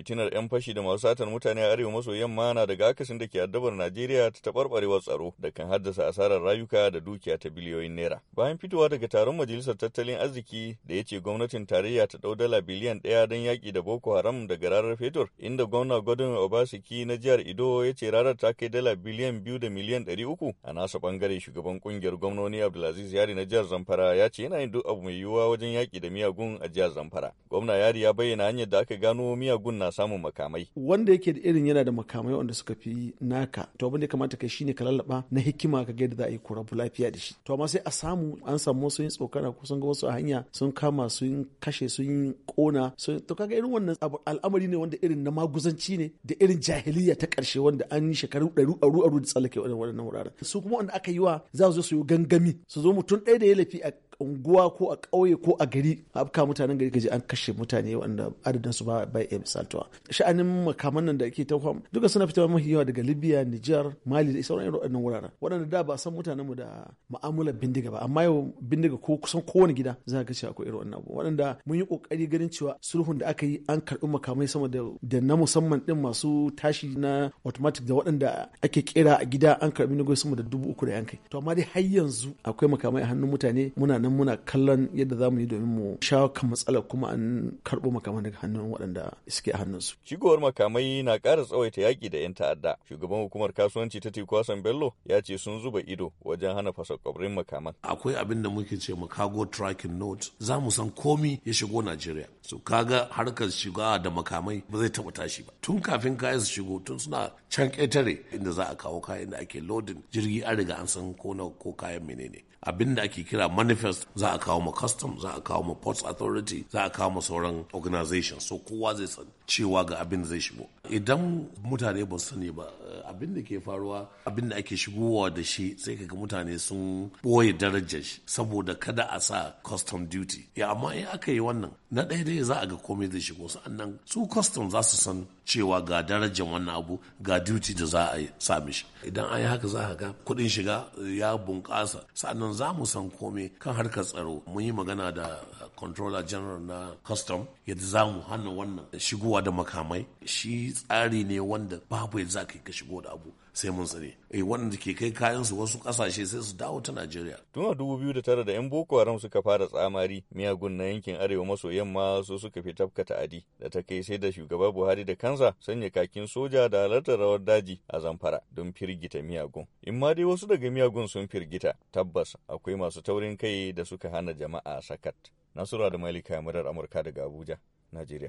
fitinar 'yan fashi da masu satar mutane a arewa maso yamma na daga akasin da ke addabar Najeriya ta taɓarɓarewar tsaro da kan haddasa asarar rayuka da dukiya ta biliyoyin naira. Bayan fitowa daga taron majalisar tattalin arziki da ya ce gwamnatin tarayya ta ɗau dala biliyan ɗaya don yaƙi da Boko Haram daga ranar fetur, inda gwamna gwadon obasiki na jihar Ido ya ce ranar ta kai dala biliyan biyu da miliyan ɗari uku a nasa ɓangare shugaban ƙungiyar gwamnoni Abdulaziz Yari na jihar Zamfara ya ce yana yin duk abu mai yiwuwa wajen yaƙi da miyagun a jihar Zamfara. Gwamna Yari ya bayyana hanyar da aka gano miyagun na samun makamai wanda yake da irin yana da makamai wanda suka fi naka to abin da ya kamata kai shine ka lallaba na hikima ka ga yadda za a yi kurabu lafiya da shi to amma sai a samu an samu sun yin tsokana ko sun ga wasu a hanya sun kama sun kashe sun kona to kaga irin wannan al'amari ne wanda irin na maguzanci ne da irin jahiliya ta karshe wanda an yi shekaru ɗaru aru aru da tsallake wannan wuraren su kuma wanda aka yi wa za su zo su yi gangami su zo mutum ɗaya da ya lafi a unguwa ko a ƙauye ko a gari afka mutanen gari gaji an kashe mutane wanda adadin su ba bai iya misaltuwa sha'anin makaman nan da ake ta duka suna fitowa mafi yawa daga libya niger mali da sauran irin waɗannan wuraren waɗanda da ba san mutanen mu da mu'amalar bindiga ba amma yau bindiga ko kusan kowane gida za ka cewa akwai irin wannan waɗanda mun yi ƙoƙari ganin cewa sulhun da aka yi an karɓi makamai sama da na musamman din masu tashi na automatic da waɗanda ake kera a gida an karɓi na sama da dubu uku da yankai to amma dai har yanzu akwai makamai a hannun mutane muna nan nan muna kallon yadda za mu yi domin mu shawo kan matsalar kuma an karɓo makamai daga hannun waɗanda suke a hannunsu. Shigowar makamai na ƙara tsawaita yaƙi da 'yan ta'adda. Shugaban hukumar kasuwanci ta Teku Bello ya ce sun zuba ido wajen hana fasakwabrin makaman. Akwai abin da muke ce ma cargo tracking note za mu san komi ya shigo Najeriya. So kaga harkar shiga da makamai ba zai taɓa tashi ba. Tun kafin kaya su shigo tun suna can ƙetare inda za a kawo kayan da ake lodin jirgi an riga an san ko ko kayan menene. Abin da ake kira manifest interest za a kawo mu custom za a kawo ma ports authority za a kawo mu sauran organization so kowa zai san cewa ga abin da zai shigo idan mutane ba sani ba eh, abin da ke faruwa abin da ake shigowa da shi sai kaga mutane sun boye darajar shi saboda kada a sa custom duty ya amma in aka yi wannan na ɗaya dai za a ga komai zai shigo sa'annan su custom za su san cewa ga darajar wannan abu ga duty da za a sa mishi idan an yi haka za a ga kuɗin shiga ya bunƙasa sa'annan za mu san komai kan har. harkar tsaro mun yi magana da controller general na custom yadda za mu hana wannan shigowa da makamai shi tsari ne wanda babu yadda za ka yi ka shigo da abu sai mun tsare eh wanda ke kai kayan su wasu kasashe sai su dawo ta Najeriya tun a 2009 da yan boko haram suka fara tsamari miyagun na yankin arewa maso yamma su suka fi tafka ta'adi da ta kai sai da shugaba Buhari da kansa sanya kakin soja da halartar rawar daji a Zamfara don firgita miyagun in ma dai wasu daga miyagun sun firgita tabbas akwai masu taurin kai da suka hana jama'a sakat. Nasura da Malika murar Amurka daga Abuja, Najeriya.